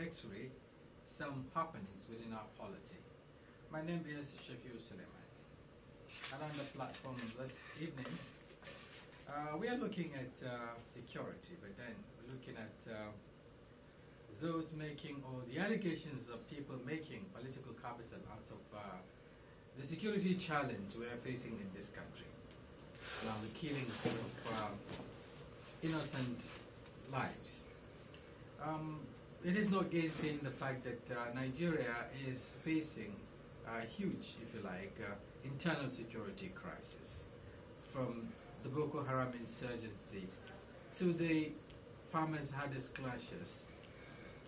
x-ray some happenings within our polity. My name is Shafiu Suleiman, and on the platform this evening, uh, we are looking at uh, security, but then we're looking at uh, those making, or the allegations of people making political capital out of uh, the security challenge we are facing in this country. Now, the killings of uh, innocent lives. Um, it is not gainsaying the fact that uh, Nigeria is facing a huge, if you like, uh, internal security crisis from the Boko Haram insurgency to the farmers' hardest clashes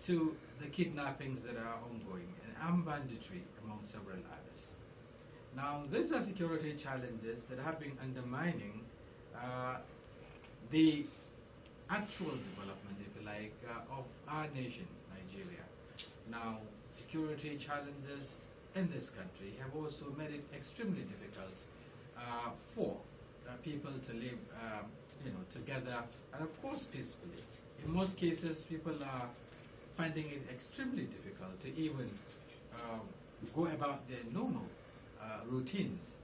to the kidnappings that are ongoing and armed banditry among several others. Now, these are security challenges that have been undermining uh, the actual development like uh, of our nation, Nigeria. Now, security challenges in this country have also made it extremely difficult uh, for uh, people to live, um, you know, together and of course peacefully. In most cases, people are finding it extremely difficult to even um, go about their normal uh, routines.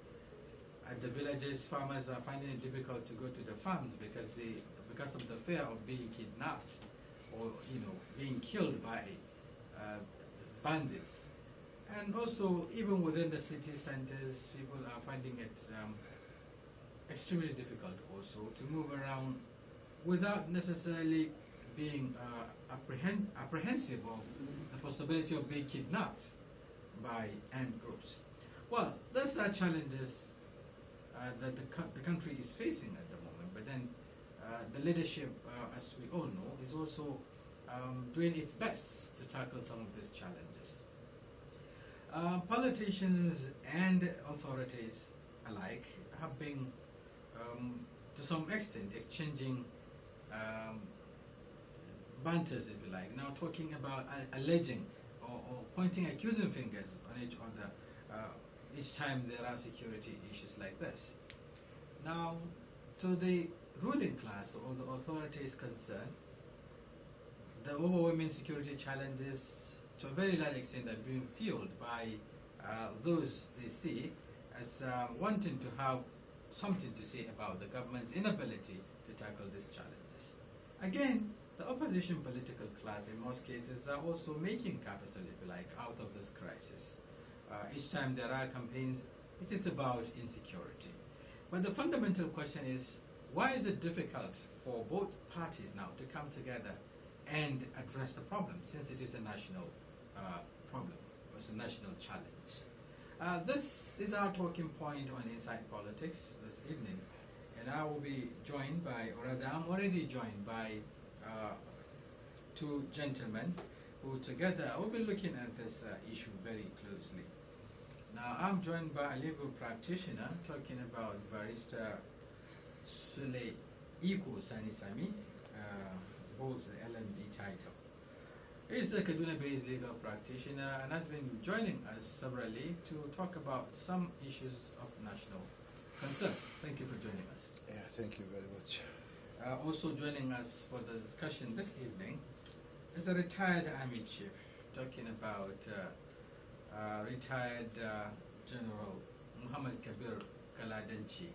At the villages, farmers are finding it difficult to go to the farms because they, because of the fear of being kidnapped or you know being killed by uh, bandits. And also, even within the city centers, people are finding it um, extremely difficult also to move around without necessarily being uh, apprehend apprehensive of the possibility of being kidnapped by armed groups. Well, those are challenges uh, that the, co the country is facing at the moment. But then uh, the leadership, uh, as we all know, is also um, doing its best to tackle some of these challenges. Uh, politicians and authorities alike have been, um, to some extent, exchanging um, banters, if you like, now talking about uh, alleging or, or, pointing accusing fingers on each other uh, each time there are security issues like this. Now, to the ruling class or the authorities concerned, the overwhelming security challenges to a very large extent are being fueled by uh, those they see as uh, wanting to have something to say about the government's inability to tackle these challenges. Again, the opposition political class in most cases are also making capital, if you like, out of this crisis. Uh, each time there are campaigns, it is about insecurity. But the fundamental question is, why is it difficult for both parties now to come together and address the problem since it is a national uh, problem, it's a national challenge? Uh, this is our talking point on Inside Politics this evening, and I will be joined by, or rather, I'm already joined by uh, two gentlemen who together will be looking at this uh, issue very closely. Now, I'm joined by a legal practitioner talking about barrister Sule Iko Sani Sami holds uh, the LMB title. He's a Kaduna-based legal practitioner and has been joining us severally to talk about some issues of national concern. Thank you for joining us. Yeah, thank you very much. Uh, also joining us for the discussion this evening is a retired army chief talking about uh, uh, retired uh, General Muhammad Kabir Kaladanchi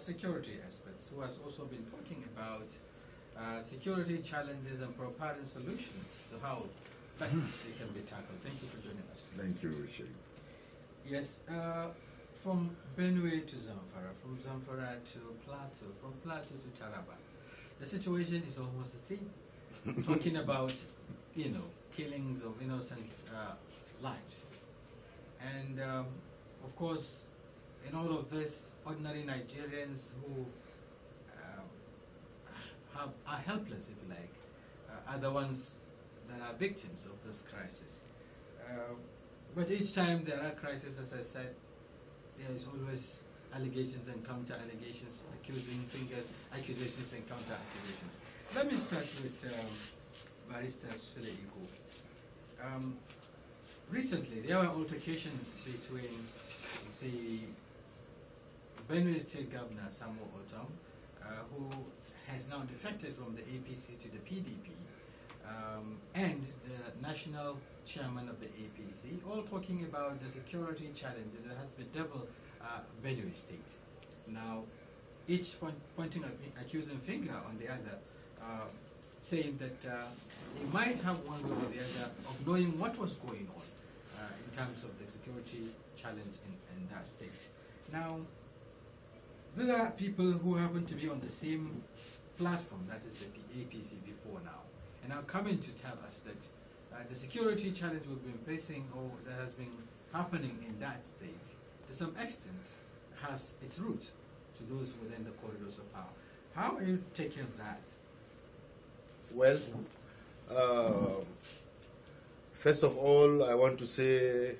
security aspects, who has also been talking about uh, security challenges and preparing solutions to how best it hmm. can be tackled. Thank you for joining us. Thank you, Richard. Yes, uh, from Benue to Zamfara, from Zamfara to Plateau, from Plateau to Taraba, the situation is almost the same. talking about, you know, killings of innocent uh, lives. And um, of course, and all of these ordinary Nigerians who um, are helpless, if you like, uh, are the ones that are victims of this crisis. Uh, but each time there are crises, as I said, there is always allegations and counter allegations, accusing fingers, accusations and counter accusations. Let me start with um, Barrister Sule um, recently, there were altercations between the Benue State Governor Samuel Otom, uh, who has now defected from the APC to the PDP, um, and the national chairman of the APC, all talking about the security challenge that has bedeviled uh, Benue State. Now, each pointing an accusing finger on the other, uh, saying that uh, he might have one way or the other of knowing what was going on uh, in terms of the security challenge in, in that state. Now, there are people who happen to be on the same platform, that is the APC before now, and are coming to tell us that uh, the security challenge we've been facing or that has been happening in that state, to some extent, has its root to those within the corridors of power. How are you taking that? Well, um, first of all, I want to say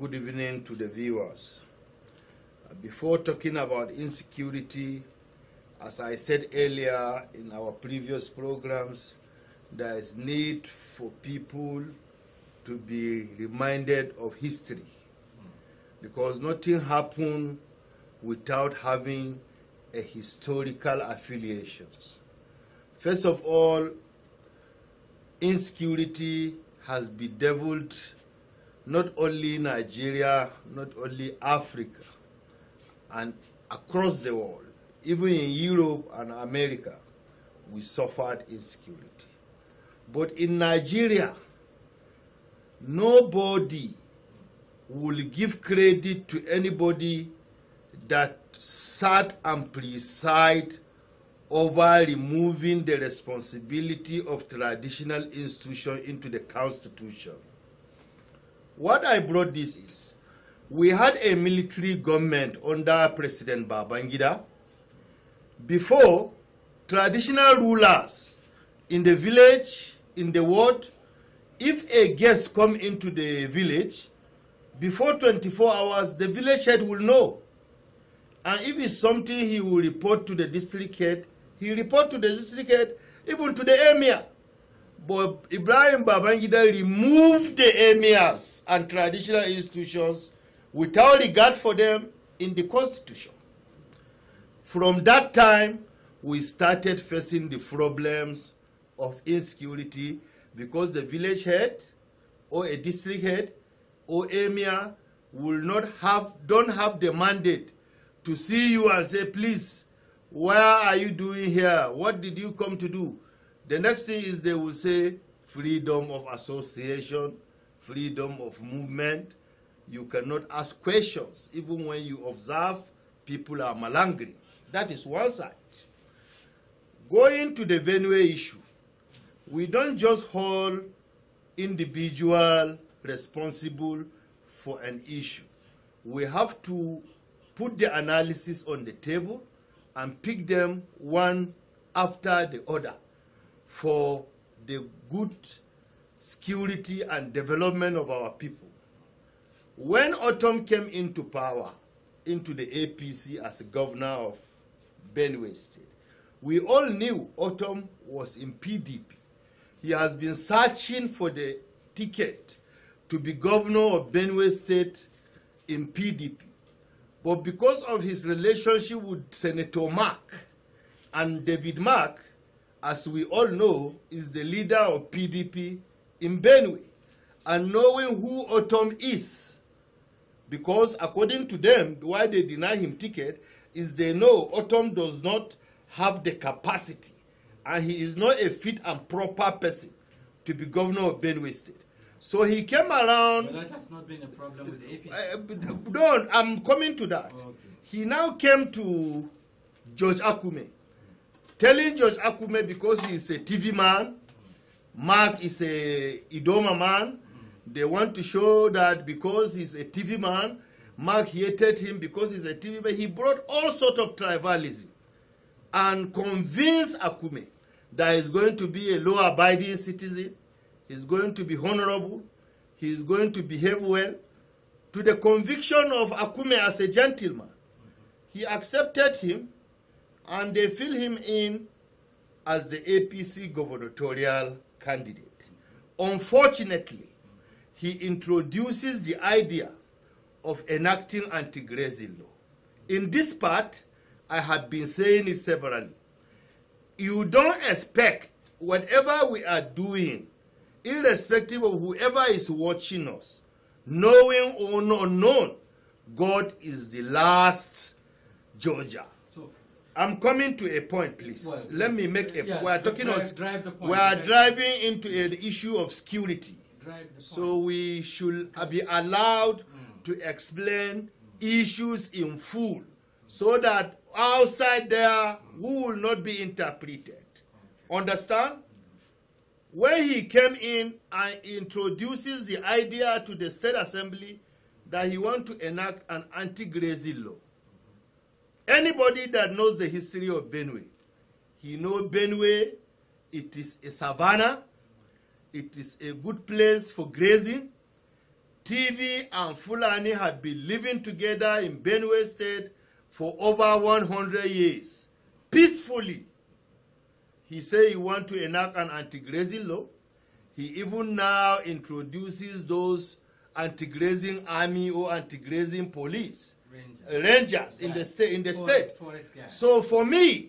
good evening to the viewers before talking about insecurity, as I said earlier in our previous programs, there is need for people to be reminded of history because nothing happened without having a historical affiliations. First of all, insecurity has bedeviled not only Nigeria, not only Africa, and across the world, even in Europe and America, we suffered insecurity. But in Nigeria, nobody will give credit to anybody that sat and presided over removing the responsibility of traditional institution into the constitution. What I brought this is we had a military government under President Babangida. Before, traditional rulers in the village, in the ward, if a guest come into the village, before 24 hours, the village head will know. And if it's something he will report to the district head, he report to the district head, even to the emir. But Ibrahim Babangida removed the emirs and traditional institutions without regard for them in the Constitution. From that time, we started facing the problems of insecurity because the village head or a district head or emir will not have, don't have the mandate to see you and say, please, where are you doing here? What did you come to do? The next thing is they will say freedom of association, freedom of movement, you cannot ask questions even when you observe people are malangering. That is one side. Going to the venue issue, we don't just hold individual responsible for an issue. We have to put the analysis on the table and pick them one after the other for the good security and development of our people. When Otom came into power, into the APC as governor of Benue State, we all knew Otom was in PDP. He has been searching for the ticket to be governor of Benue State in PDP. But because of his relationship with Senator Mark and David Mark, as we all know, is the leader of PDP in Benue. And knowing who Otom is, because according to them, why they deny him ticket is they know Autumn does not have the capacity and he is not a fit and proper person to be governor of Benue State. So he came around. But that has not been a problem with the APC. Uh, uh, no, I'm coming to that. Oh, okay. He now came to George Akume, telling George Akume because he is a TV man, Mark is a Idoma man, they want to show that because he's a TV man, Mark hated him because he's a TV man. He brought all sort of tribalism and convinced Akume that he's going to be a law-abiding citizen, he's going to be honorable, he's going to behave well, to the conviction of Akume as a gentleman. He accepted him, and they fill him in as the APC gubernatorial candidate. Unfortunately, he introduces the idea of enacting anti-grazing law. In this part, I have been saying it severally. You don't expect whatever we are doing, irrespective of whoever is watching us, knowing or not known, God is the last Georgia. So, I'm coming to a point, please. Well, Let me make a. Yeah, we are talking drive, of. Drive we are okay. driving into an issue of security so we should be allowed to explain issues in full so that outside there we will not be interpreted. Understand? When he came in and introduces the idea to the state assembly that he want to enact an anti-grazing law. Anybody that knows the history of Benue, he know Benue, it is a savannah, it is a good place for grazing. TV and Fulani have been living together in Benue State for over 100 years, peacefully. He said he wants to enact an anti-grazing law. He even now introduces those anti-grazing army or anti-grazing police, rangers, rangers in the state. In the forest, state. Forest so for me,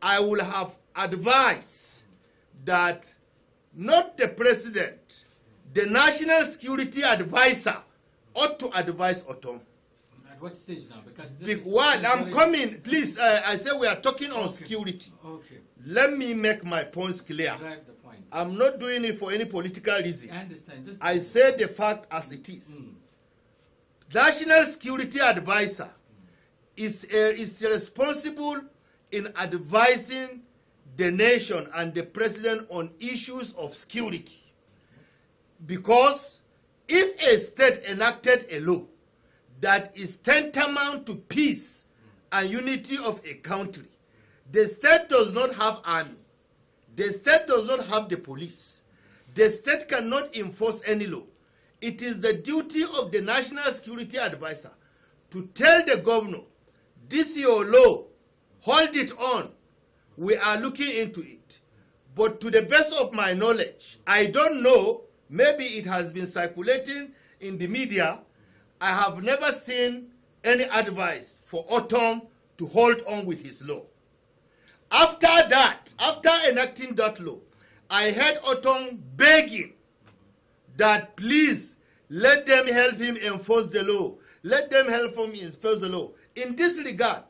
I will have advice that not the president, the national security advisor ought to advise Otom. At what stage now? Because this Be- while I'm coming, please, uh, I say we are talking on okay. security. Okay. Let me make my points clear. Drive the point. I'm not doing it for any political reason. I understand. Just I say the fact as it is. Mm. National security advisor mm. is, uh, is responsible in advising the nation and the president on issues of security. Because if a state enacted a law that is tantamount to peace and unity of a country, the state does not have army. The state does not have the police. The state cannot enforce any law. It is the duty of the National Security Advisor to tell the governor, this your law, hold it on, we are looking into it. But to the best of my knowledge, I don't know, maybe it has been circulating in the media. I have never seen any advice for Autumn to hold on with his law. After that, after enacting that law, I heard Autumn begging that please let them help him enforce the law. Let them help him enforce the law. In this regard,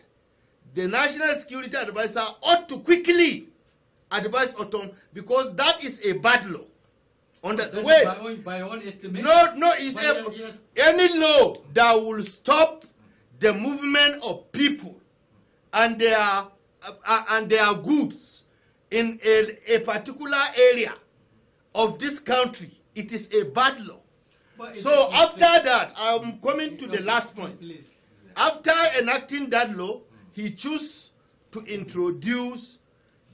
the National Security Advisor ought to quickly advise Otom because that is a bad law. Under the way, by, all, no, no, it's a, any law that will stop the movement of people and their uh, and their goods in a, a particular area of this country, it is a bad law. so after that, I'm coming to the last point. After enacting that law, he chose to introduce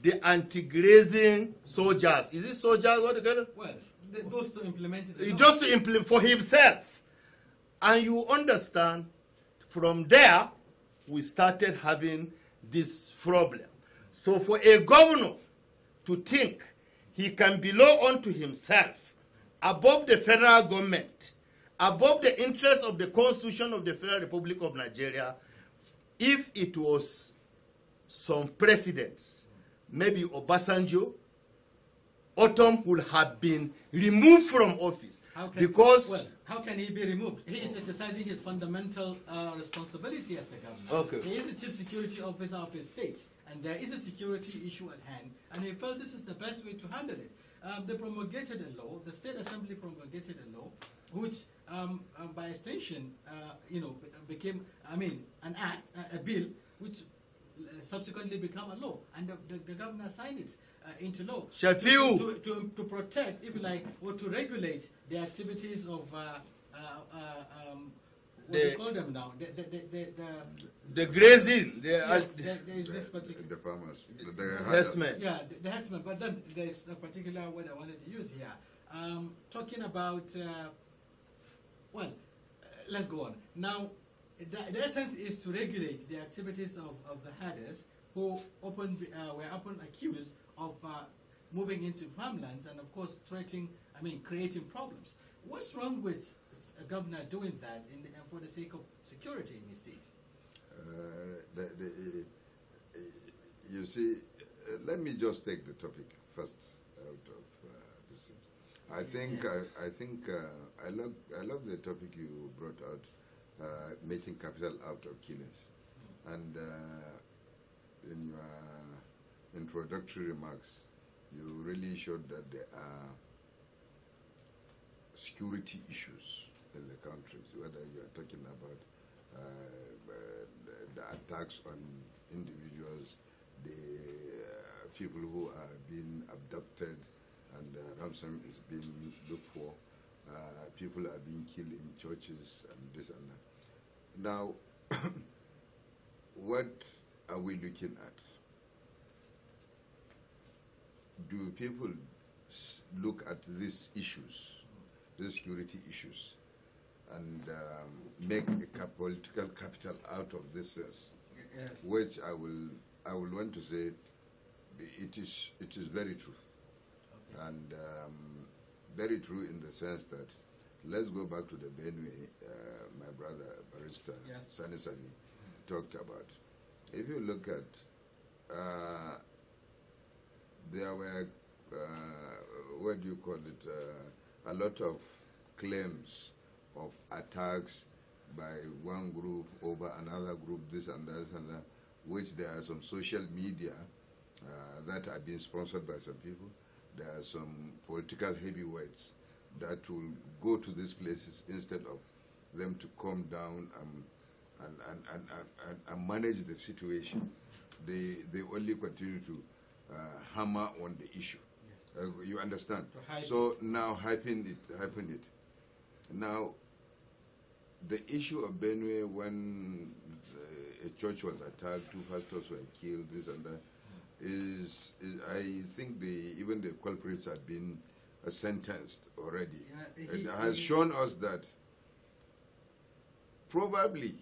the anti-grazing soldiers. Is it soldiers? What you Well, those to implement it. Just to implement for himself. And you understand, from there, we started having this problem. So for a governor to think he can belong unto himself, above the federal government, above the interests of the Constitution of the Federal Republic of Nigeria, if it was some presidents, maybe Obasanjo, Autumn would have been removed from office because. Well, how can he be removed? He is exercising his fundamental uh, responsibility as a governor. Okay. He is the chief security officer of his state, and there is a security issue at hand, and he felt this is the best way to handle it. Um, they promulgated a law, the state assembly promulgated a law which um, uh, by extension, uh, you know, became, I mean, an act, a, a bill, which uh, subsequently became a law, and the, the, the governor signed it uh, into law to, to, to, to, protect, if you like, or to regulate the activities of uh, uh, um, what the, do you call them now? The, the, the, the, the grazing. The, yes, there is this particular. The farmers. The, the herdsmen. Yeah, the, the herdsmen. But then there's a particular word I wanted to use here. Um, talking about uh, well, uh, let's go on. Now, the, the, essence is to regulate the activities of, of the herders who open, uh, were often accused of uh, moving into farmlands and, of course, threatening, I mean, creating problems. What's wrong with a governor doing that in the, uh, for the sake of security in his state? Uh, the, the, uh, you see, let me just take the topic first. I think I, uh, I think uh, I love I love the topic you brought out, uh, making capital out of killings, and uh, in your introductory remarks, you really showed that there are security issues in the countries, whether you are talking about uh, uh, the attacks on individuals, the people who are being abducted and uh, ransom is being looked for. Uh, people are being killed in churches and this and that. Now, what are we looking at? Do people look at these issues, these security issues, and um, make a political capital out of this Yes. Which I will, I will want to say, it is, it is very true and um, very true in the sense that let's go back to the Benue, uh, my brother Barrister yes. Sani Sani talked about. If you look at, uh, there were, uh, what do you call it, uh, a lot of claims of attacks by one group over another group, this and that, and that, which there are some social media uh, that are being sponsored by some people there are some political heavyweights that will go to these places instead of them to come down and, and, and, and, and, and manage the situation. They, they only continue to uh, hammer on the issue. Yes. Uh, you understand? So now hyping it, hyping it. Now, the issue of Benue when the, uh, a church was attacked, two pastors were killed, this and that, is, is I think the even the culprits have been uh, sentenced already. Yeah, he, it has he, shown us that probably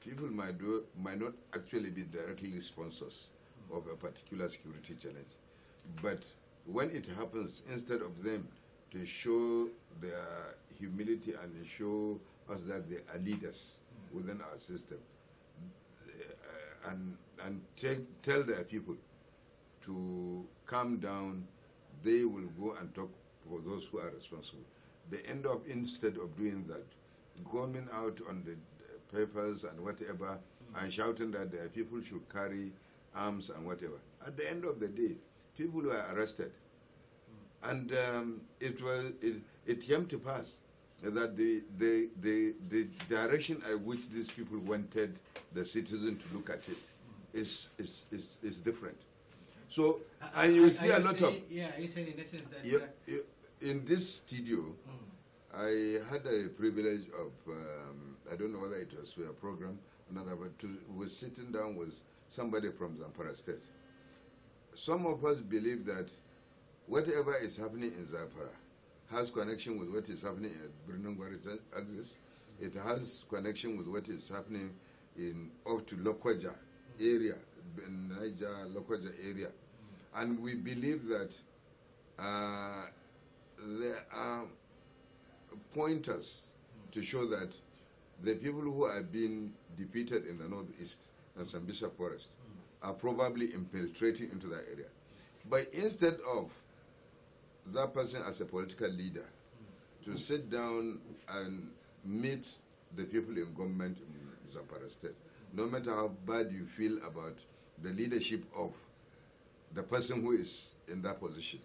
people might, do, might not actually be directly sponsors of a particular security challenge. But when it happens, instead of them to show their humility and show us that they are leaders within our system, eh, and, and take, tell their people to calm down, they will go and talk for those who are responsible. They end up, instead of doing that, going out on the papers and whatever and shouting that their people should carry arms and whatever. At the end of the day, people were arrested. And um, it, was, it, it came to pass that the, the, the, the direction at which these people wanted the citizen to look at it is, is, is, is different. So, and you I, see I a lot of. Yeah, you said in essence that. Yeah, in this studio, mm. I had a privilege of, um, I don't know whether it was for a program, another, but to, was sitting down with somebody from Zampara State. Some of us believe that whatever is happening in Zampara has connection with what is happening at Brunungwari axis. It has connection with what is happening in up to Lokoja mm. area, Niger Lokoja area. And we believe that uh, there are pointers to show that the people who have been defeated in the northeast and Sambisa forest are probably infiltrating into that area. But instead of that person as a political leader to sit down and meet the people in government in Zapara state, no matter how bad you feel about the leadership of the person who is in that position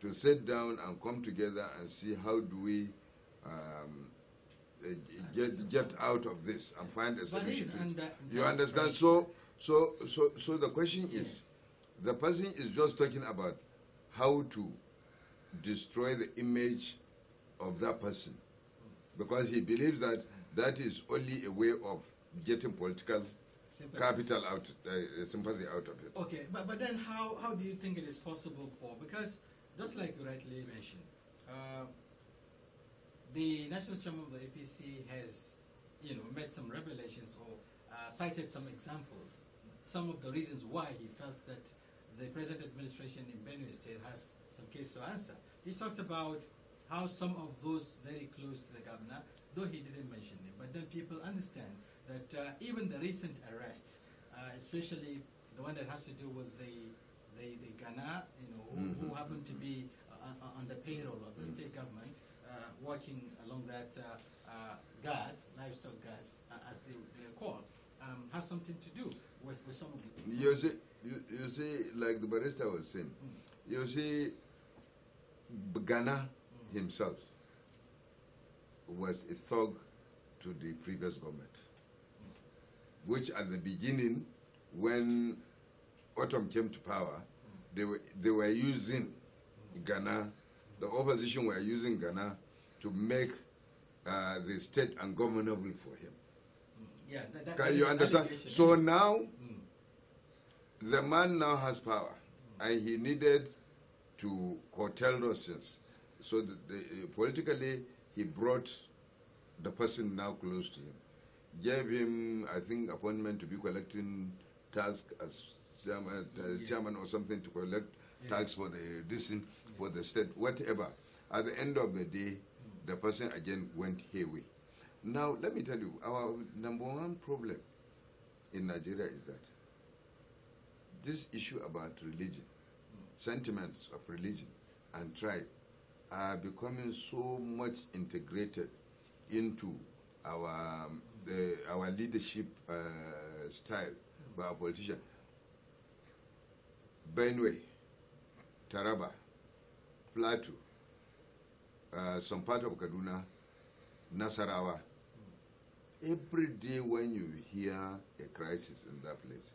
to sit down and come together and see how do we um, get get out of this and find a solution. it. you understand? So so so so the question is, yes. the person is just talking about how to destroy the image of that person because he believes that that is only a way of getting political sympathy. Capital out, uh, sympathy out of it. Okay, but, but then how, how do you think it is possible for? Because just like you rightly mentioned, uh, the national chairman of the APC has, you know, made some revelations or uh, cited some examples, some of the reasons why he felt that the present administration in Benue State has some case to answer. He talked about how some of those very close to the governor, though he didn't mention them, but then people understand that uh, even the recent arrests, uh, especially the one that has to do with the the, the Ghana, you know, who, mm -hmm. who mm-hmm. happen to be uh, uh, on the payroll of the mm-hmm. state government, uh, working along that uh, guards, livestock guards, as they, they are called, um, has something to do with, with some of the. You see, you, you see, like the barista was saying, mm -hmm. you see, Ghana mm -hmm. himself was a thug to the previous government which at the beginning, when Autumn came to power, they were, they were using Ghana, the opposition were using Ghana to make uh, the state ungovernable for him. Yeah, that, that, Can you understand? So now, mm. the man now has power, mm. and he needed to curtail those things. So the, the, uh, politically, he brought the person now close to him gave him, I think, appointment to be collecting tax as chairman, uh, chairman or something to collect yeah. tax for the this yeah. for the state, whatever. At the end of the day, hmm. the person again went away. Now, let me tell you, our number one problem in Nigeria is that this issue about religion, hmm. sentiments of religion and tribe are becoming so much integrated into our um, the, our leadership uh, style by our politician. Benue, Taraba, Plateau, uh, some part of Kaduna, Nasarawa. Every day when you hear a crisis in that place,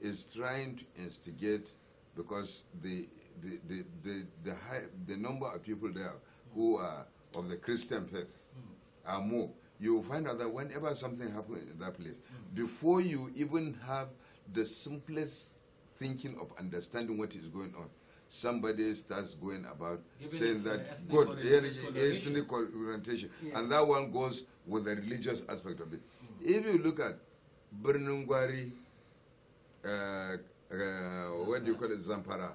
is trying to instigate because the the the the, the, high, the number of people there who are of the Christian faith mm. are more you find out that whenever something happens in that place, mm. before you even have the simplest thinking of understanding what is going on, somebody starts going about saying that God, orientation. ethnic orientation, yes. and that one goes with the religious aspect of it. Mm. If you look at Bernungwari, uh, uh, what do you call it, Zampara,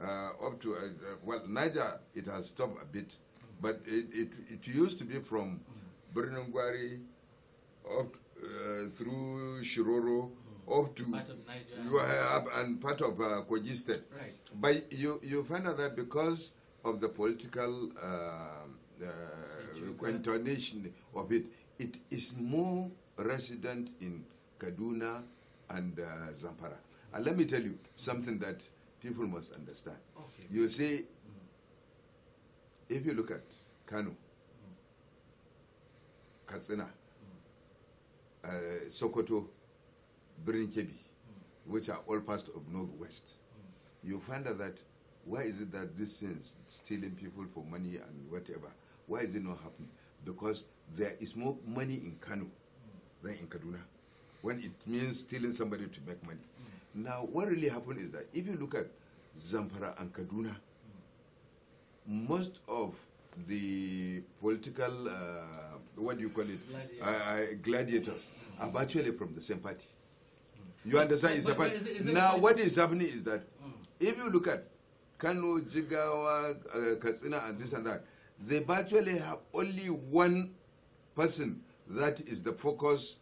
uh, up to, uh, uh, well, Niger, it has stopped a bit, hmm. but it, it, it used to be from hmm birnin gwari up uh, through shiroro up hmm. to you are uh, up and part of uh, Kogi State. Right. But you you find out that because of the political um, uh, uh, intonation of it, it is more resident in Kaduna and uh, Zampara. And let me tell you something that people must understand. Okay. You see, if you look at Kanu, katsina uh, sokoto Brinkebi, which are all parts of northwest you find out that why is it that this things stealing people for money and whatever why is it not happening because there is more money in kano than in kaduna when it means stealing somebody to make money now what really happened is that if you look at zamfara and kaduna most of the political, uh, what do you call it, gladiators, uh, uh, gladiators are virtually from the same party. You understand? It's but, but is it, is it now, what is happening is that hmm. if you look at Kanu Jigawa, uh, Katsina, and this and that, they virtually have only one person that is the focus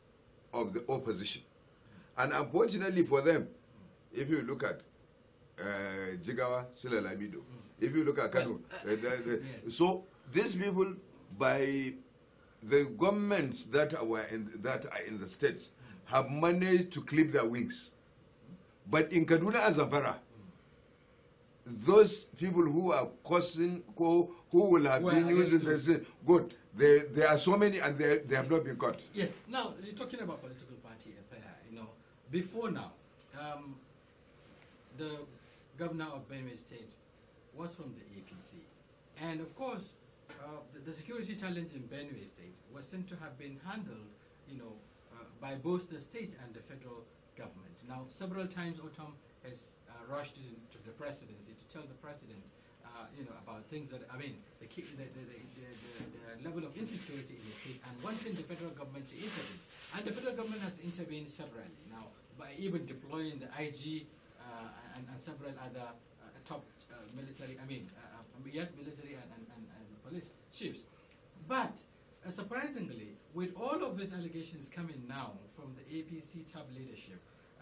of the opposition. And unfortunately for them, if you look at uh, Jigawa Sulalamido, mm. If you look at Kanu. Uh, yeah. So these people, by the governments that, were in, that are in the states, have managed to clip their wings. But in Kaduna and Zamfara, those people who are causing, who, who will have well, been using this, good, there, are so many and they, they have not been caught. Yes. Now, you're talking about political party you know, before now, um, the governor of Benue State was from the APC. And of course, uh, the, the, security challenge in Benue State was seen to have been handled, you know, uh, by both the state and the federal government. Now, several times Otom has uh, rushed to the presidency to tell the president, uh, you know, about things that, I mean, the, key, the, the, level of insecurity in the state and wanting the federal government to intervene. And the federal government has intervened severally now by even deploying the IG uh, and, and, several other uh, top uh, military, I mean, uh, uh, um, yes, military and, and, and, and police chiefs. But uh, surprisingly, with all of these allegations coming now from the APC top leadership,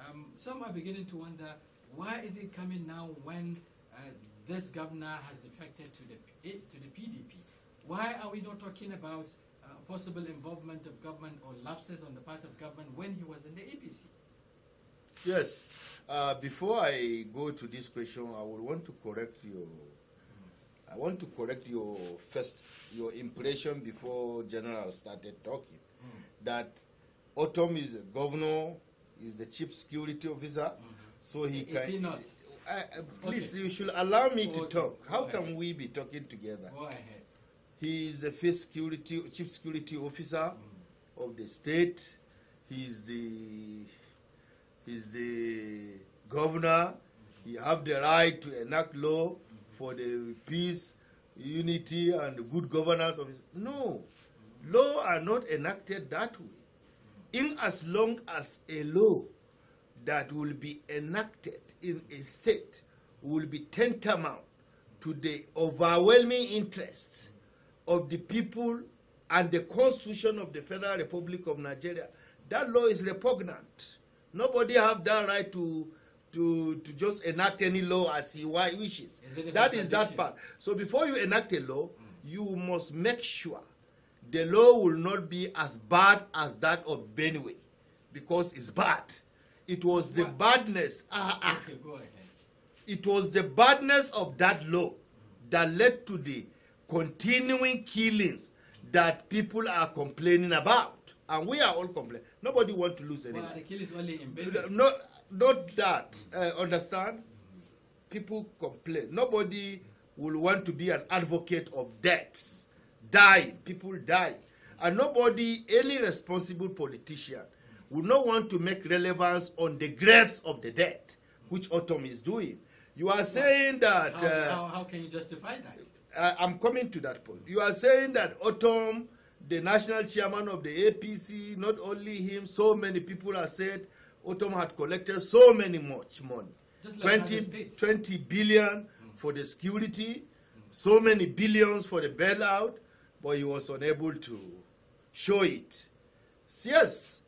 um, some are beginning to wonder why is it coming now when uh, this governor has defected to the eh, to the PDP? Why are we not talking about uh, possible involvement of government or lapses on the part of government when he was in the APC? Yes. Uh, before I go to this question, I would want to correct your. I want to correct your first your impression before General started talking, mm. that Otom is a governor, is the chief security officer, mm -hmm. so he is can. He not? uh, please, okay. you should allow me okay. to talk. How can we be talking together? Go ahead. He is the first security, chief security officer mm. of the state. He is the he's the governor. He have the right to enact law for the peace, unity, and good governance of his. No, law are not enacted that way. In as long as a law that will be enacted in a state will be tantamount to the overwhelming interests of the people and the constitution of the Federal Republic of Nigeria. That law is repugnant Nobody have that right to to to just enact any law as he wishes. Is that is that part. So before you enact a law, mm. you must make sure the law will not be as bad as that of Benue, because it's bad. It was the what? badness. Ah, ah. ah. Okay, it was the badness of that law that led to the continuing killings that people are complaining about and we are all complex. Nobody want to lose anything. Well, the kill is only No, not that. Uh, understand? People complain. Nobody will want to be an advocate of deaths, Die. People die, and nobody, any responsible politician, would not want to make relevance on the graves of the dead, which Autumn is doing. You are saying that. How, uh, how, how can you justify that? I, I'm coming to that point. You are saying that Autumn the national chairman of the APC, not only him, so many people have said Autumn had collected so many much money. Just like 20 billion mm. for the security, mm. so many billions for the bailout, but he was unable to show it. Yes,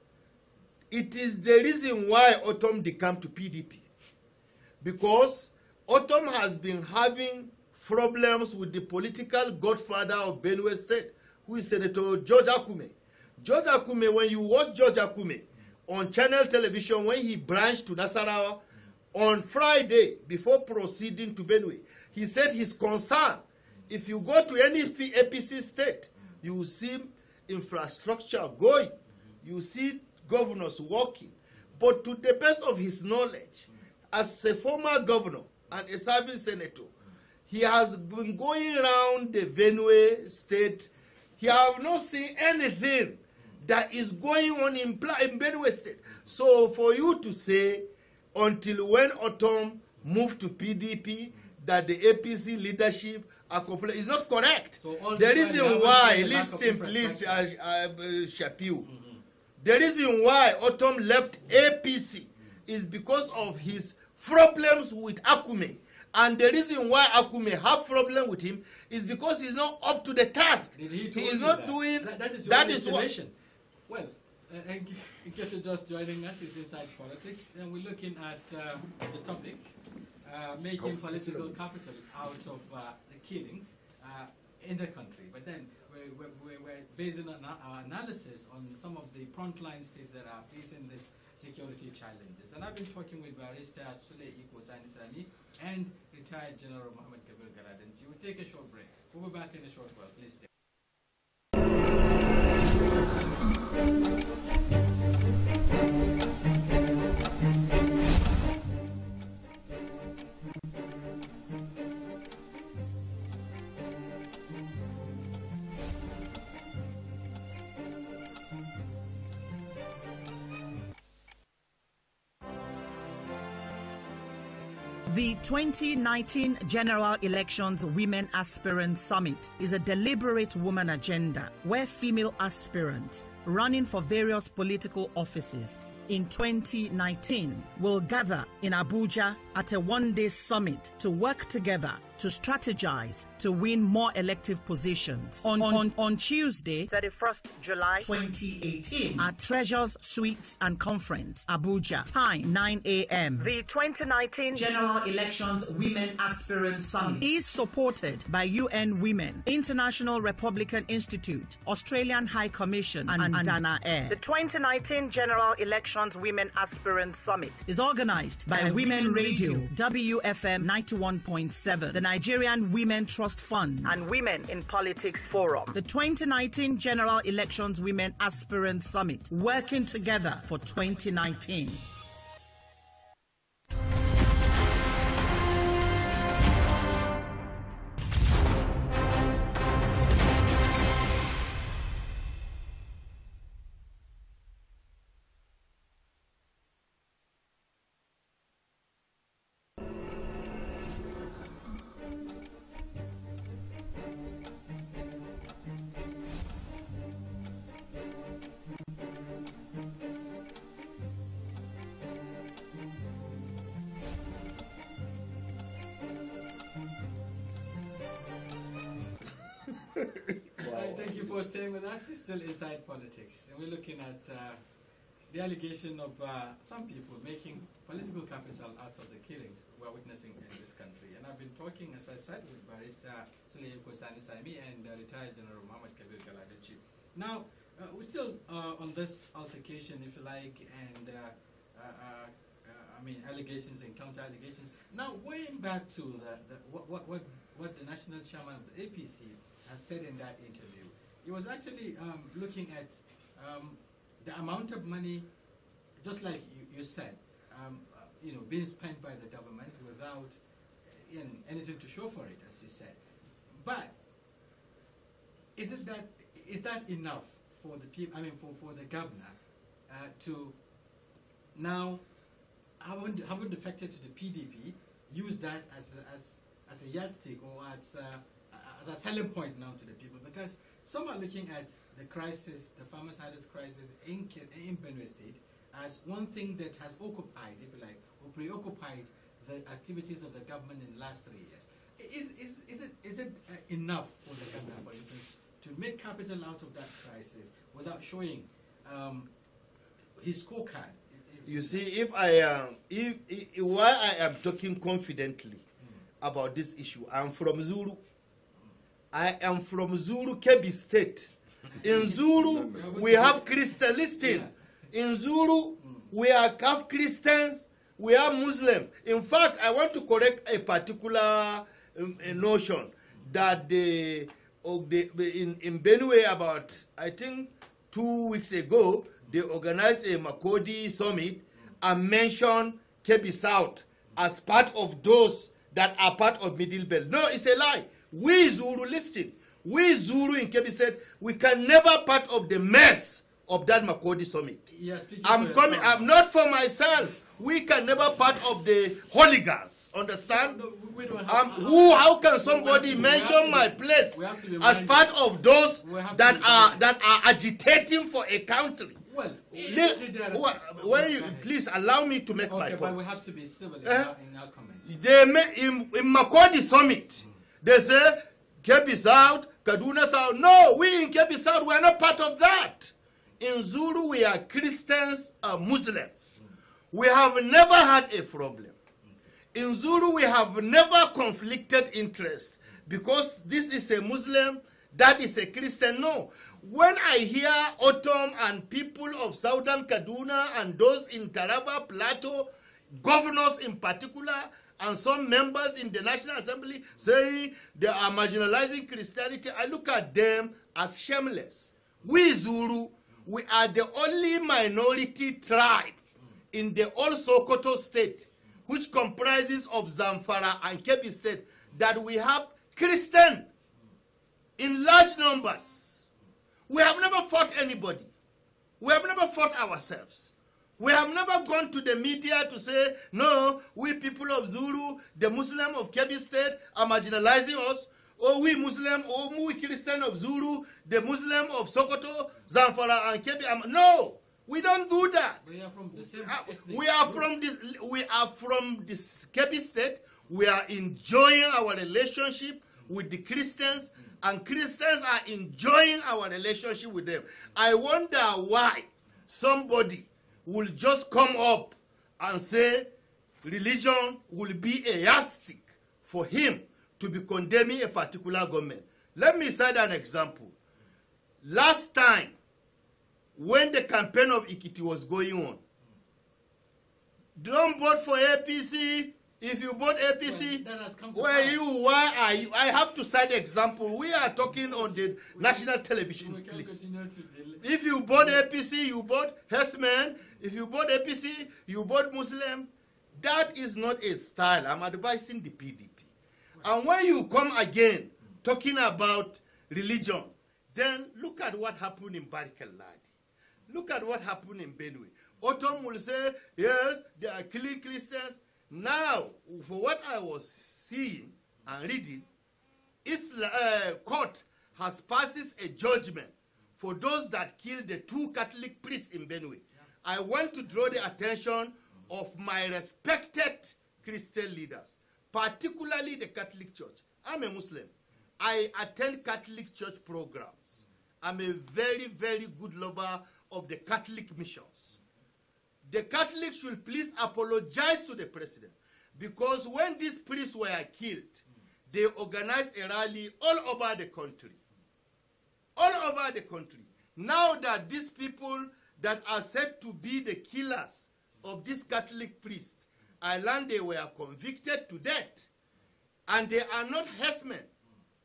it is the reason why Autumn decamped to PDP. Because Autumn has been having problems with the political godfather of Benue State, who is Senator George Akume. George Akume, when you watch George Akume on channel television, when he branched to Nasarawa, on Friday, before proceeding to Benue, he said his concern, if you go to any APC state, you see infrastructure going, you see governors working. But to the best of his knowledge, as a former governor and a serving senator, he has been going around the Benue state he have not seen anything that is going on in, in So for you to say, until when autumn moved to PDP, that the APC leadership are complete is not correct. So uh, uh, mm-hmm. the reason why, listen please, uh, uh, mm -hmm. the reason why Autumn left APC is because of his problems with Akume. And the reason why Aku may have problem with him is because he's not up to the task. he, he is not that? doing. That, that is your that is what. Well, uh, in case you're just joining us, it's Inside Politics, and we're looking at uh, the topic uh, making political capital out of uh, the killings uh, in the country. But then we're, we're, we're basing our analysis on some of the frontline states that are facing this security challenges. And I've been talking with Barrister Sule Ikosan Isami and retired General Mohammed Kabir Galadanji. We'll take a short break. We'll be back in a short while. Please stay. 2019 General Elections Women Aspirant Summit is a deliberate woman agenda where female aspirants running for various political offices in 2019 will gather in Abuja at a one day summit to work together to strategize to win more elective positions. On, on, on Tuesday, 31st July 2018, at Treasures Suites and Conference, Abuja, time 9 a.m. The 2019 General Elections Women Aspirant Summit is supported by UN Women, International Republican Institute, Australian High Commission, and, and Air. The 2019 General Elections Women Aspirants Summit is organized by, Women, Radio, Radio, WFM 91.7, the Nigerian Women Trust Fund, and Women in Politics Forum. The 2019 General Elections Women Aspirants Summit, working together for 2019. still inside politics. And we're looking at uh, the allegation of uh, some people making political capital out of the killings we're witnessing in this country. And I've been talking, as I said, with Barrister Suleyu Kosani Saimi and uh, retired General Muhammad Kabir Galagachi. Now, uh, we're still uh, on this altercation, if you like, and uh, I mean allegations and counter allegations. Now, going back to the, the what, what, what the national chairman of the APC has said in that interview, he was actually um, looking at um, the amount of money, just like you, you said, um, uh, you know, being spent by the government without uh, you know, anything to show for it, as he said. But is it that is that enough for the people? I mean, for for the governor uh, to now haven't haven't affected to the PDP use that as a, as as a yardstick or as a, as a selling point now to the people because some are looking at the crisis, the farmers' crisis in, in Benue State, as one thing that has occupied, if you like, or preoccupied the activities of the government in the last three years. Is, is, is it, is it uh, enough for the government, for instance, to make capital out of that crisis without showing um, his scorecard? You see, if I am um, if, if, why I am talking confidently mm. about this issue, I'm from Zulu. I am from Zulu Kebi State. In Zulu, we have Christian. Listen, in Zulu, we are half Christians, we are Muslims. In fact, I want to correct a particular um, a notion that the, the, in, in Benue about, I think, two weeks ago, they organized a Makodi summit and mentioned Kebi South as part of those that are part of Middle Belt. No, it's a lie. We Zulu, listen, we Zulu in Kebi said, we can never part of the mess of that Makodi summit. I'm coming, I'm not for myself. We can never part of the hooligans. Understand? No, we don't have, um, who? How can somebody mention to, my place as part of those that are that are agitating for a country? Well, when you, please allow me to make okay, my point. Okay, but we have to be civil uh, in, our, comments. They may, in, in Makodi summit, they say, Cape South, Kaduna South. No, we in Cape South, we are not part of that. In Zulu, we are Christians or Muslims. We have never had a problem. In Zulu, we have never conflicted interest because this is a Muslim, that is a Christian. No. When I hear Autumn and people of southern Kaduna and those in Taraba, Plateau, governors in particular, and some members in the National Assembly saying they are marginalizing Christianity, I look at them as shameless. We Zulu, we are the only minority tribe in the old Sokoto state, which comprises of Zamfara and Kebbi state, that we have Christian in large numbers. We have never fought anybody. We have never fought ourselves. We have never gone to the media to say, no, we people of Zulu, the Muslim of Kebbi State are marginalizing us, or oh, we Muslim, or oh, we Christian of Zulu, the Muslim of Sokoto, Zamfara and Kebbi. Um, no, we don't do that. We are from the same uh, We are from this, we are from this Kebbi State. We are enjoying our relationship with the Christians, and Christians are enjoying our relationship with them. I wonder why somebody will just come up and say religion will be a yardstick for him to be condemning a particular government. Let me cite an example. Last time, when the campaign of Ikiti was going on, don't vote for APC, if you bought APC, where you, why are you? I have to cite example. We are talking on the national television, please. If you bought APC, you bought Hessman. If you bought APC, you bought Muslim. That is not a style. I'm advising the PDP. And when you come again talking about religion, then look at what happened in Barikaladi. Look at what happened in Benue. Autumn will say, yes, they are killing Christians. Now, for what I was seeing and reading, Isla, uh, court has passes a judgment for those that killed the two Catholic priests in Benue. I want to draw the attention of my respected Christian leaders, particularly the Catholic Church. I'm a Muslim. I attend Catholic Church programs. I'm a very, very good lover of the Catholic missions the Catholics should please apologize to the president because when these priests were killed, they organized a rally all over the country. All over the country. Now that these people that are said to be the killers of these Catholic priests, I learned they were convicted to death. And they are not herdsmen.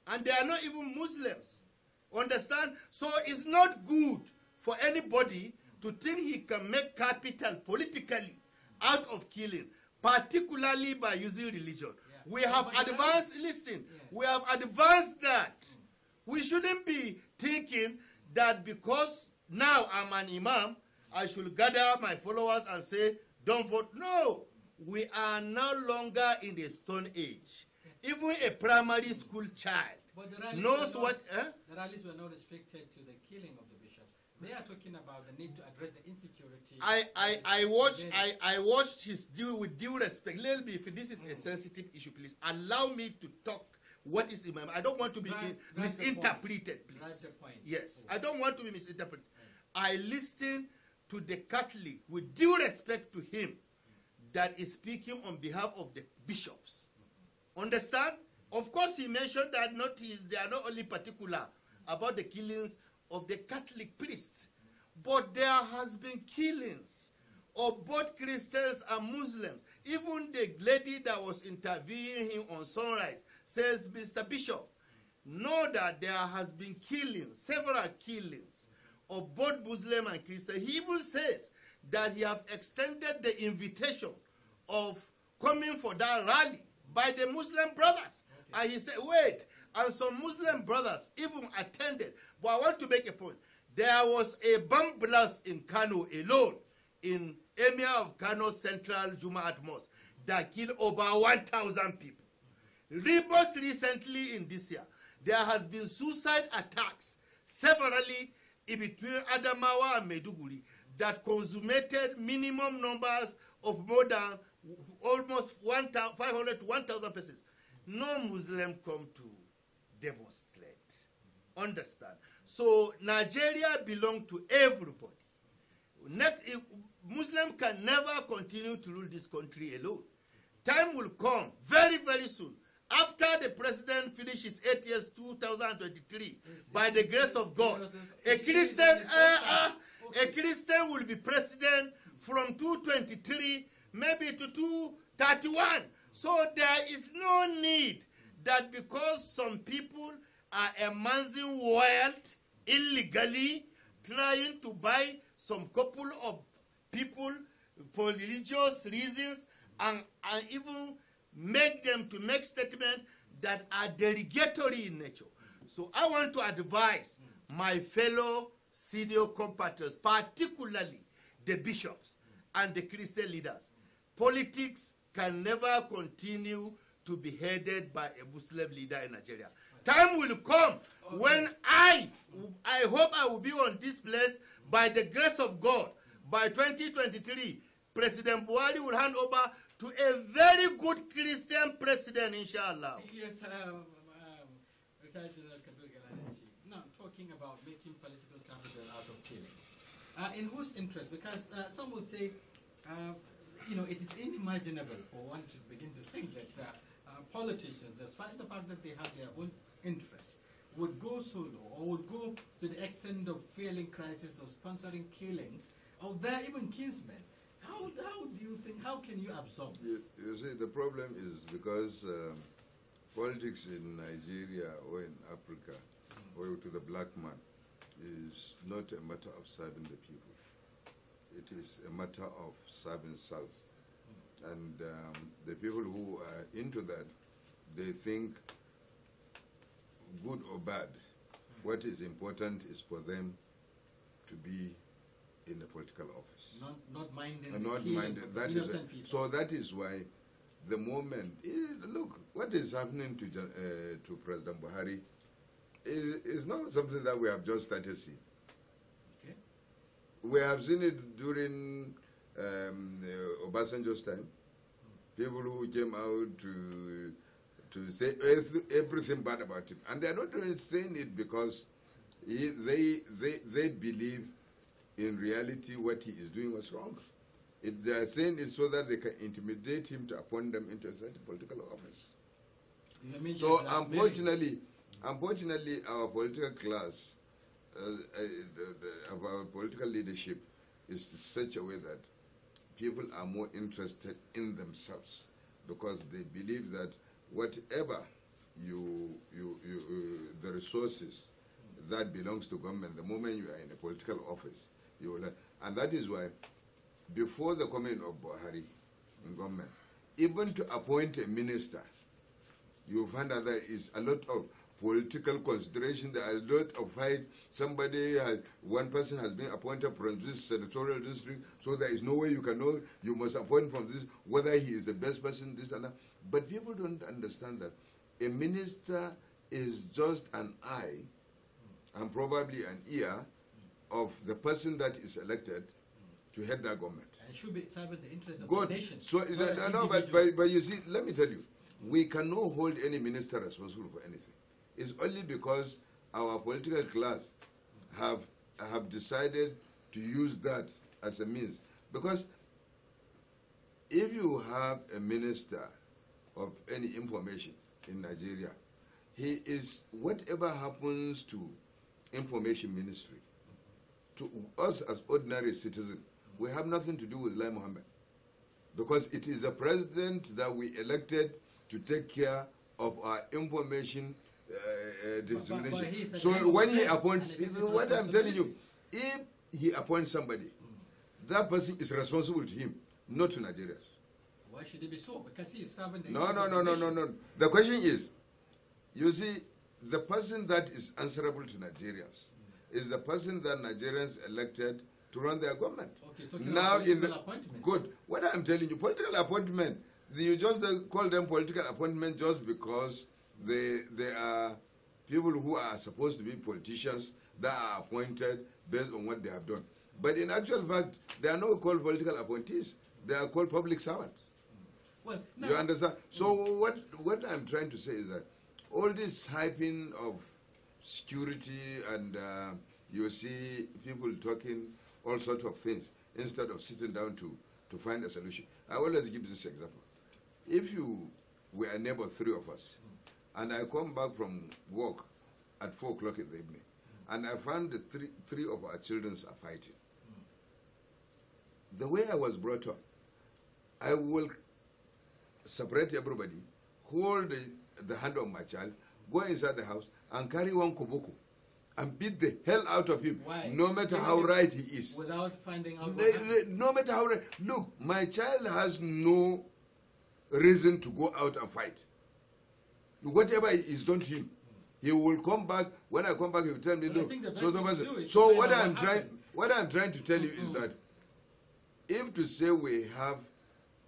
And they are not even Muslims. Understand? So it's not good for anybody to think he can make capital politically out of killing, particularly by using religion. Yeah. We have advanced, listen, yes. we have advanced that. Mm. We shouldn't be thinking that because now I'm an imam, I should gather my followers and say, don't vote. No, we are no longer in the stone age. Even a primary school child knows what. Eh? The rallies were not restricted to the killing of the they are talking about the need to address the insecurity. I, I, I watched I, I watched his deal with due respect. Let me, if this is mm. a sensitive issue, please allow me to talk what is in mind. I don't want to be misinterpreted, please. the point. Yes, I don't want to be misinterpreted. Mm. I listen to the Catholic with due respect to him that is speaking on behalf of the bishops. Mm -hmm. Understand? Of course, he mentioned that not his, they are not only particular about the killings of the Catholic priests, but there has been killings of both Christians and Muslims. Even the lady that was interviewing him on Sunrise says, Mr. Bishop, know that there has been killings, several killings of both Muslim and Christian. He even says that he have extended the invitation of coming for that rally by the Muslim brothers. Okay. And he said, wait, and some Muslim brothers even attended. But I want to make a point. There was a bomb blast in Kano alone, in Emir of Kano Central Jumaat Mosque, that killed over 1,000 people. Reports recently in this year, there has been suicide attacks severally between Adamawa and Meduguri that consummated minimum numbers of more than almost 1, 500 to 1,000 persons. No Muslim come to demonstrate. Understand? So Nigeria belongs to everybody. Muslim can never continue to rule this country alone. Time will come very, very soon. After the president finishes eight years, 2023, by the grace of God, a Christian, uh, uh, a Christian will be president from 223 maybe to 231. So there is no need that because some people are amassing wealth illegally, trying to buy some couple of people for religious reasons, and, and even make them to make statements that are derogatory in nature. So I want to advise my fellow CDO compatriots, particularly the bishops and the Christian leaders. Politics can never continue to be headed by a Muslim leader in Nigeria. Time will come okay. when I, I hope I will be on this place by the grace of God. By 2023, President Buhari will hand over to a very good Christian president, inshallah. Yes, um, um, retired General No, talking about making political capital out of killings. Uh, in whose interest? Because uh, some would say, uh, you know, it is unimaginable for one to begin to think that uh, politicians, despite the fact that they have their own interests, would go so low or would go to the extent of failing crisis or sponsoring killings of their even kinsmen. How, how do you think, how can you absorb this? You, you see, the problem is because um, politics in Nigeria or in Africa mm. or to the black man is not a matter of serving the people. It is a matter of serving self. Hmm. And um, the people who are into that they think good or bad. What is important is for them to be in a political office. Not, not minded. Not minded. That is a, so that is why the moment, eh, look, what is happening to, uh, to President Buhari is, is not something that we have just started seeing. Okay. We have seen it during um, eh, Obasanjo's time. Hmm. People who came out to to say everything bad about him. And they are not even saying it because he, they, they, they believe in reality what he is doing was wrong. It, they are saying it so that they can intimidate him to appoint them into a certain political office. So unfortunately, unfortunately, our political class, uh, uh, uh, our political leadership is such a way that people are more interested in themselves because they believe that whatever you, you, you uh, the resources that belongs to government, the moment you are in a political office, you will, and that is why before the coming of Buhari in government, even to appoint a minister, you find that there is a lot of political consideration. There are a lot of fight. Somebody, has, one person has been appointed from this senatorial district, so there is no way you can know. You must appoint from this whether he is the best person. This and that. But people don't understand that a minister is just an eye and probably an ear of the person that is elected to head that government. And should be serving the interests of God. the nation. So, no, no, but, but, but you see, let me tell you, we cannot hold any minister responsible for anything. It's only because our political class have have decided to use that as a means. Because if you have a minister of any information in Nigeria. He is whatever happens to information ministry. To us as ordinary citizens, we have nothing to do with Lai Mohammed because it is the president that we elected to take care of our information uh, uh, dissemination. But, but, but so when he appoints, this is what I'm telling you. If he appoints somebody, that person is responsible to him, not to Nigeria. Why should it be so? Because he is serving the No, no, no, no, no, no. The question is, you see, the person that is answerable to Nigerians hmm. is the person that Nigerians elected to run their government. Okay, talking now about in the appointment. good. What I'm telling you, political appointment. You just call them political appointment just because they they are people who are supposed to be politicians that are appointed based on what they have done. But in actual fact, they are not called political appointees. They are called public servants. Well, You understand? So what what I'm trying to say is that all this hyping of security and uh, you see people talking all sorts of things instead of sitting down to, to find a solution. I always give this example. If you were a neighbor, three of us, and I come back from work at 4 o'clock in the evening, and I found the three, three of our children are fighting. The way I was brought up, I will separate everybody, hold the, the hand of my child, go inside the house, and carry one koboko and beat the hell out of him, Why? no matter Even how right he is. Without finding out. No, no matter how right. Look, my child has no reason to go out and fight. Whatever is done to him, he will come back. When I come back, he will tell me, look. So, so, so what I'm trying, what I'm trying to tell you is that if to say we have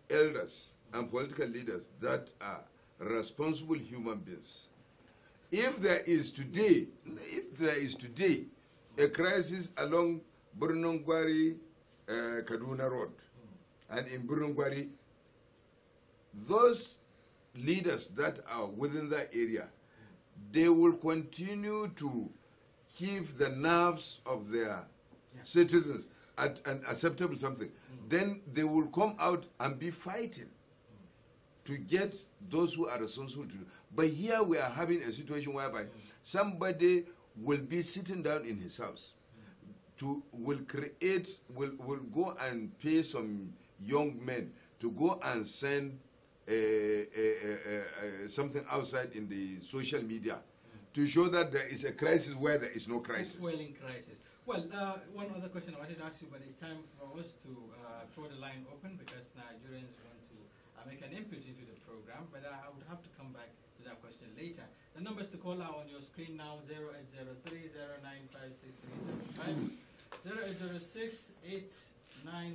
elders and political leaders that are responsible human beings. If there is today, if there is today a crisis along Brunongwari uh, Kaduna Road and in Brunongwari, those leaders that are within that area, they will continue to keep the nerves of their yeah. citizens at an acceptable something. Mm Then they will come out and be fighting to get those who are responsible to do. But here we are having a situation whereby somebody will be sitting down in his house to will create will will go and pay some young men to go and send uh, uh, uh, uh, uh something outside in the social media to show that there is a crisis where there is no crisis. Well, crisis. Well, uh, one other question I wanted to ask you, but it's time for us to throw the line open because Nigerians want make an input into the program, but I, I would have to come back to that question later. The numbers to call are on your screen now 0803 0806 891 8315.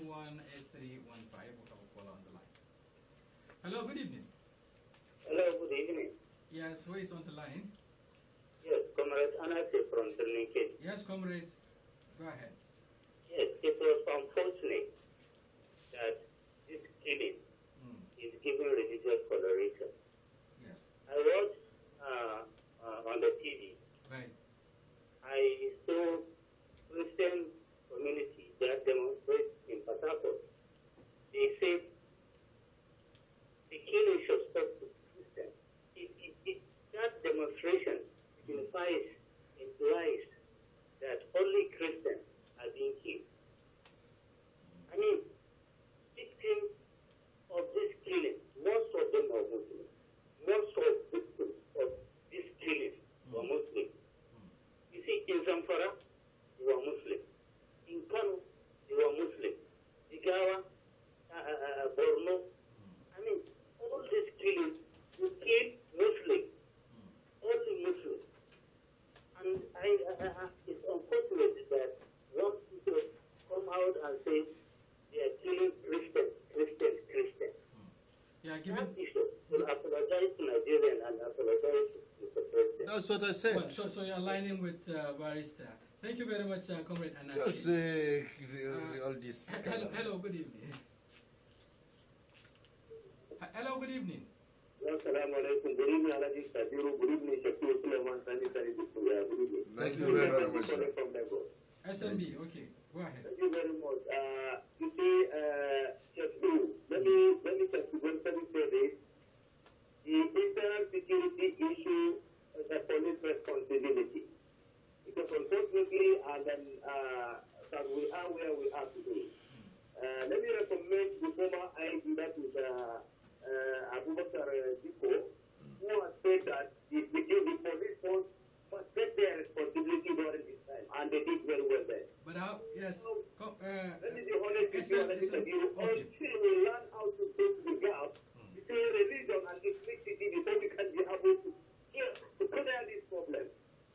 We'll have a caller on the line. Hello, good evening. Hello, good evening. Yes, who is on the line? Yes, Comrade Anasi from Trinity. Yes, Comrade. Go ahead. Yes, it was unfortunate that this killing given religious coloration. Yes. I watched uh, uh, on the TV. Right. I saw Christian community that demonstrate in Patako. They said the killing should stop to Christians. It, it, it, that demonstration implies implies that only Christians are being killed. what I said. so, so you're aligning with uh, Barista. Thank you very much, uh, Comrade Anachi. Just uh, uh, all this. Hello, hello, good evening. Hello, good evening. Assalamu alaikum. Good Thank you very much. From SMB, okay. Go ahead. Thank you very much. Uh, you see, uh, Shakur, let me, let me just one thing say this. The internal security issue the police responsibility. Because unfortunately, and then, uh, that we are where we are today. Uh, let me recommend the former IG, that is uh, uh, Abubakar uh, Diko, who has said that the, the, the police force must take their responsibility during this time, and they did very well there. But how, yes, so, co- uh, let me be honest with you, let me tell you, okay. until we learn how to take the gap mm. between religion and ethnicity, before we can be able to to tackle this problem.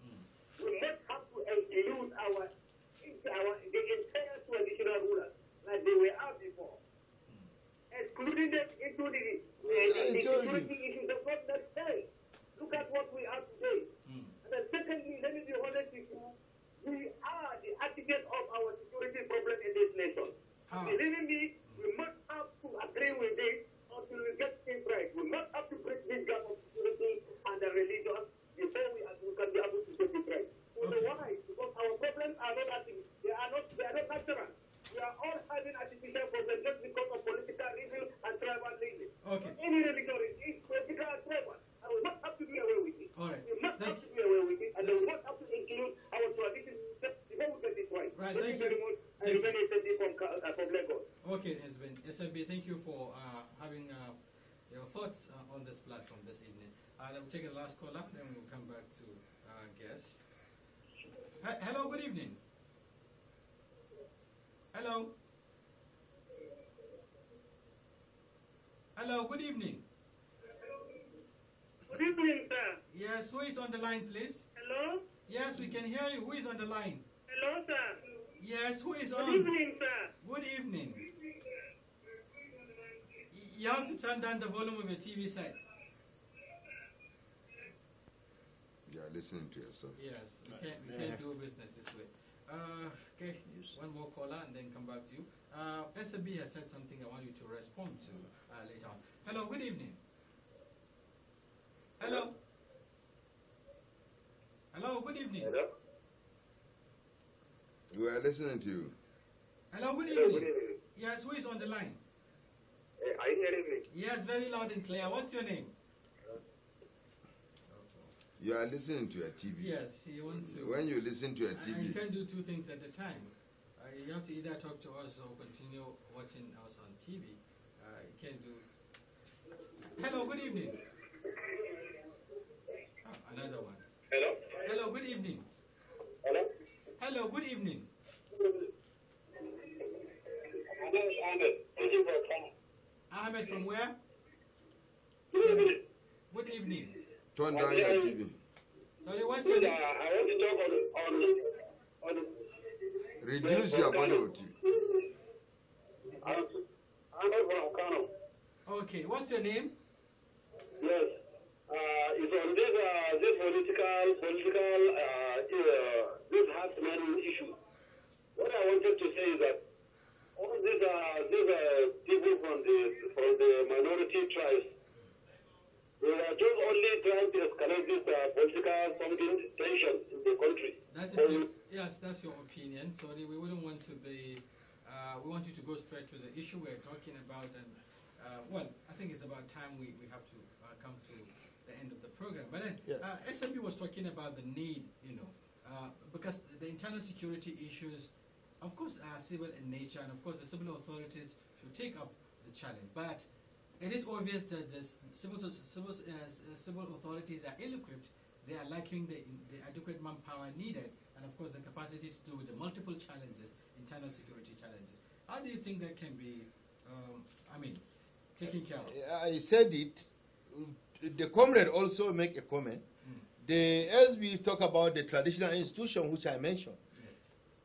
Mm. We must have to include our, our the entire traditional rulers like they were out before. Mm. Excluding them into uh, the, uh, the, the security issues of the state. Look at what we are today. Mm. And then secondly, let me be honest with you, we are the architects of our security problem in this nation. Ah. Believe me, we must have to agree with this until we get things right. We must have to break this gap of security and the religion, before we can be able to debate. the bread. We okay. know why, because our problems are not artificial. They are not, they are not natural. We are all having artificial problems just because of political reasons and tribal tribalism. Okay. any religion is political and tribal. And we must have to be away with it. All right. We must thank have you. to away with it, and then we must have to include our traditions before we get this right. Right, thank, thank you. Thank you. From, uh, from Lagos. Okay, SMB, thank you for uh, having uh, your thoughts uh, on this platform this evening. Uh, then will take the last caller, then we'll come back to our guests. hello, good evening. Hello. Hello, good evening. Good evening, sir. Yes, who is on the line, please? Hello? Yes, we can hear you. Who is on the line? Hello, sir. Yes, who is good on? Good evening, sir. Good evening. You have to turn down the volume of your TV set. are listening to yourself. Yes, we can't, we can't do business this way. Uh, okay, yes. one more caller and then come back to you. Uh, SAB has said something I want you to respond to mm. uh, later on. Hello, good evening. Hello. Hello, good evening. Hello. We are listening to you. Hello, good evening. Hello, good evening. Yes, who is on the line? I eh, are you hearing me? Yes, very loud and clear. What's your name? You are listening to your TV. Yes, to. When you listen to your TV. And you can do two things at a time. Uh, you have to either talk to us or continue watching us on TV. Uh, you can do. Hello, good evening. Oh, another one. Hello. Hello, good evening. Hello. Hello, good evening. My name is Ahmed. Ahmed from where? Good evening. Good evening. Turn down your TV. Sorry, what's your uh, name? I want to talk on, on, on Reduce your bandwidth. I'm from Kano. Okay, what's your name? Yes, uh, it's on this uh, this political political uh, uh this harassment issue. What I wanted to say is that all these uh, these uh, people from the from the minority tribes we are just only uh, in the country. That is your, um, yes, that's your opinion. Sorry, we wouldn't want to be. Uh, we want you to go straight to the issue we're talking about, and uh, well, I think it's about time we, we have to uh, come to the end of the program. But then, yeah. uh, SMB was talking about the need, you know, uh, because the internal security issues, of course, are civil in nature, and of course, the civil authorities should take up the challenge. But it is obvious that the civil, civil, uh, uh, civil authorities are ill-equipped, they are lacking the, the adequate manpower needed, and of course the capacity to deal with the multiple challenges, internal security challenges. How do you think that can be, um, I mean, taken care of? I said it. Mm, the comrade also make a comment. Mm. The, as we talk about the traditional institution which I mentioned, yes.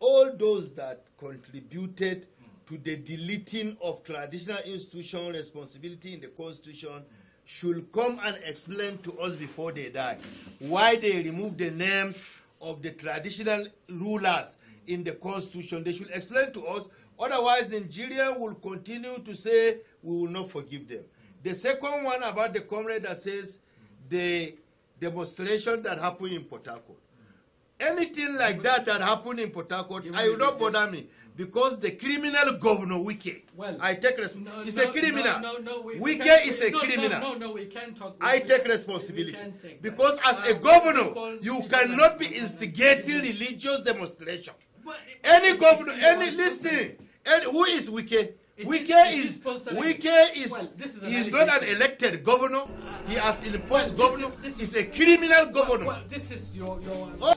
all those that contributed to the deleting of traditional institutional responsibility in the Constitution should come and explain to us before they die why they remove the names of the traditional rulers in the Constitution. They should explain to us, otherwise Nigeria will continue to say we will not forgive them. The second one about the comrade that says the demonstration that happened in Port Harcourt. Anything like that that happened in Port Harcourt, I will not bother me because the criminal governor Wike, well, I take responsibility. No, it's no, a criminal. No, no, no, we, Wike is a no, criminal. No, no, no, we can talk. We, I take responsibility take because as uh, a governor, you cannot be instigating religious demonstration. But, any governor, any listen, any, who is Wike? Wike is Wike is well, is, is not an elected governor. Uh, he has imposed well, governor. Is, is, He's a criminal governor. Well, this is your your. Oh.